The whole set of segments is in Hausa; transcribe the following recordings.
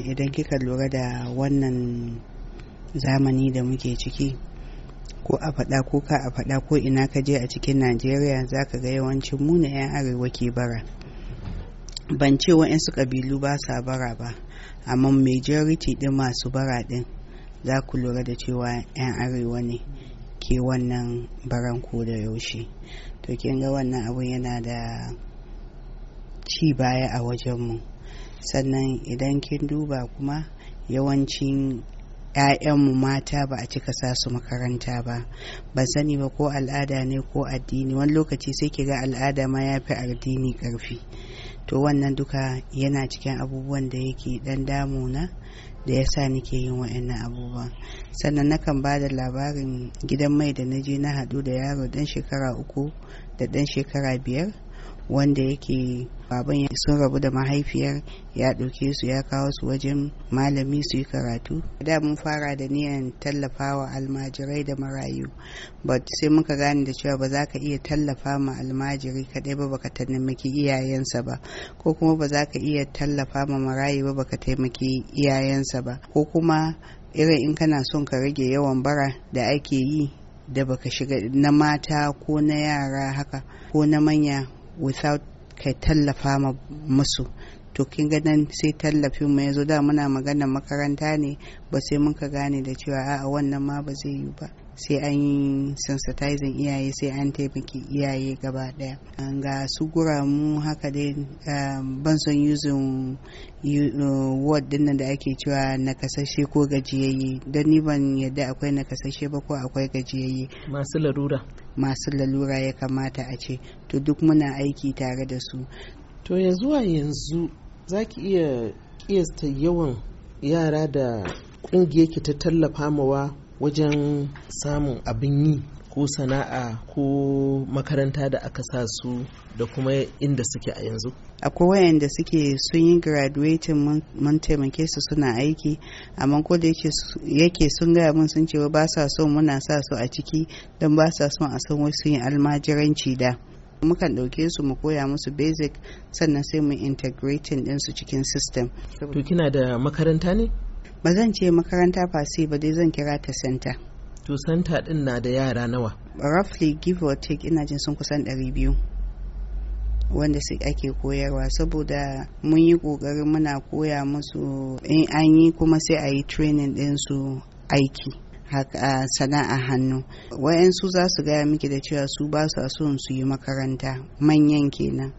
Idan kika lura da wannan zamani da muke ciki, ko a faɗa ko ka a faɗa ko ina ka je a cikin Najeriya za ka ga yawancin mu na 'yan arewa ke bara. Ban ce wa'yansu ƙabilu ba sa bara ba, amma majority ɗin masu bara ɗin za ku lura da cewa 'yan arewa ne ke wannan baran ko da yaushe. To kin ga wannan abun yana da ci baya a wajenmu. sannan idan kin duba kuma yawancin 'ya'yanmu mata ba a cika sa su makaranta ba ban sani ba ko al'ada ne ko addini wani lokaci sai ki ga al'ada ma ya fi addini karfi to wannan duka yana cikin abubuwan da yake dan damuna da ya sa nike yin wa'annan abubuwan sannan nakan ba da labarin gidan mai da na je na haɗu da yaro dan shekara uku da dan shekara biyar wanda yake baban sun rabu da mahaifiyar ya ɗauke su ya kawo su wajen malami su yi karatu da mun fara da niyan tallafawa almajirai da marayu but sai muka gane da cewa ba za ka iya tallafa ma almajiri kaɗai ba baka taimaki iyayensa ba ko kuma ba za ka iya tallafa ma marayu ba baka taimaki iyayensa ba ko kuma irin in kana son ka rage yawan bara da ake yi da baka shiga na mata ko na yara haka ko na manya without ka tallafa musu to kin ga nan sai tallafin mu yazo da muna magana makaranta ne ba sai mun ka gane da cewa a'a wannan ma ba zai yi ba sai an yi sensitizing iyaye sai an taimaki iyaye gaba daya ga su gura mu haka dai um, ban son yuzin uh, word din da ake cewa nakasashe ko gajiyayye don ni ban yadda akwai nakasashe ba ko akwai gajiyayye masu larura masu lalura ya kamata a ce to duk muna aiki tare da su to ya zuwa yanzu za ki iya kiyasta yawan yara da ƙungiyar ki ta tallafa mawa wajen samun abin yi ko sana'a ko makaranta da aka sa su da kuma inda suke a yanzu? Akwai wayanda suke sun yi graduating mun taimake su suna aiki, amma ko da yake sun gaya mun sun cewa ba sa son muna sa su a ciki don ba sa son a san wasu sun almajiranci da. mukan ɗauke su mu koya musu basic sannan sai mu integrating su cikin system. To kina da makaranta ne? ba zan ce makaranta fasi ba dai zan kira ta santa to santa din na da yara nawa roughly give or take ina jin sun kusan 200 wanda su ake koyarwa saboda mun yi kokarin muna koya musu in an yi kuma sai a yi training din su aiki haka sana'a hannu wayansu za su gaya miki da cewa su ba su son su yi makaranta manyan kenan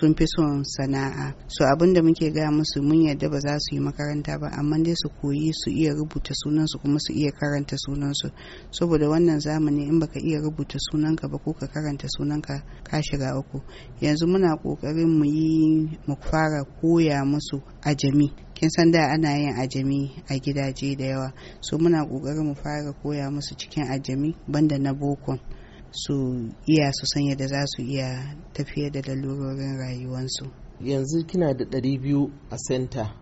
sun fi son sana'a su abin da muke gaya musu mun yadda ba za su yi makaranta ba amma dai su koyi su iya rubuta sunansu kuma su iya karanta sunansu saboda wannan zamani in baka iya rubuta sunanka ba ko ka karanta sunanka ka shiga uku yanzu muna kokarin mu yi mu fara koya musu ajami kin san da ana yin ajami a gidaje da yawa so muna kokarin mu fara koya musu cikin ajami banda na boko su iya su sanya da za su iya tafiya da lalurorin rayuwansu yanzu kina da ɗari biyu a senta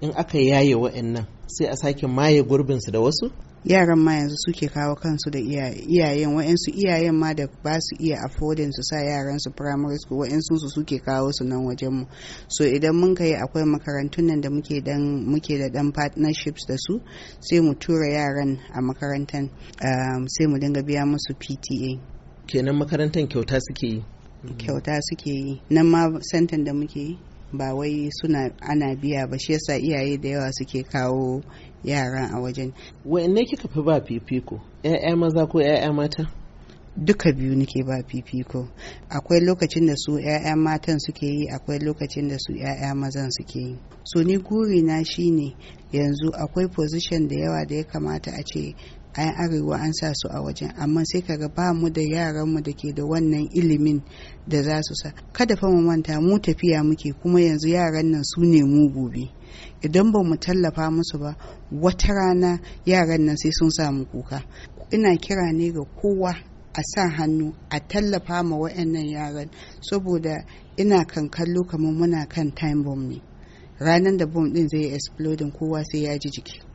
in aka yaye wa'annan sai a sake maye gurbinsu da wasu yaran ma yanzu suke kawo kansu da iyayen wa'yansu iyayen ma da ba su iya affordin su sa yaran su primary school wa'yansu su suke kawo su nan wajen mu so idan mun kai akwai makarantun nan da muke da dan partnerships da su sai mu tura yaran a makarantar um, sai mu dinga biya musu PTA kenan makarantar kyauta suke yi kyauta suke yi nan ma santan da muke yi ba wai suna ana biya ba shi yasa iyaye da yawa suke kawo yaran a wajen ne kika fi ba fifiko ya'ya maza ko ya'ya mata duka biyu nake ba fifiko akwai lokacin da su 'ya'ya matan suke yi akwai lokacin da su 'ya'ya mazan suke yi so ni guri shine yanzu akwai position da yawa da ya kamata a ce 'yan arewa an sa su a wajen amma sai kaga ba mu da mu da ke da wannan ilimin da za su sa kada fa mu manta mu tafiya muke kuma yanzu yaran nan su ne mu gobe idan ba mu tallafa musu ba wata rana yaran nan sai sun samu kuka ina kira ne ga kowa a sa hannu a tallafa ma waɗannan yaran saboda ina kan kallo kamar muna kan time bomb ne ranar da bomb din zai exploding kowa sai ya ji jiki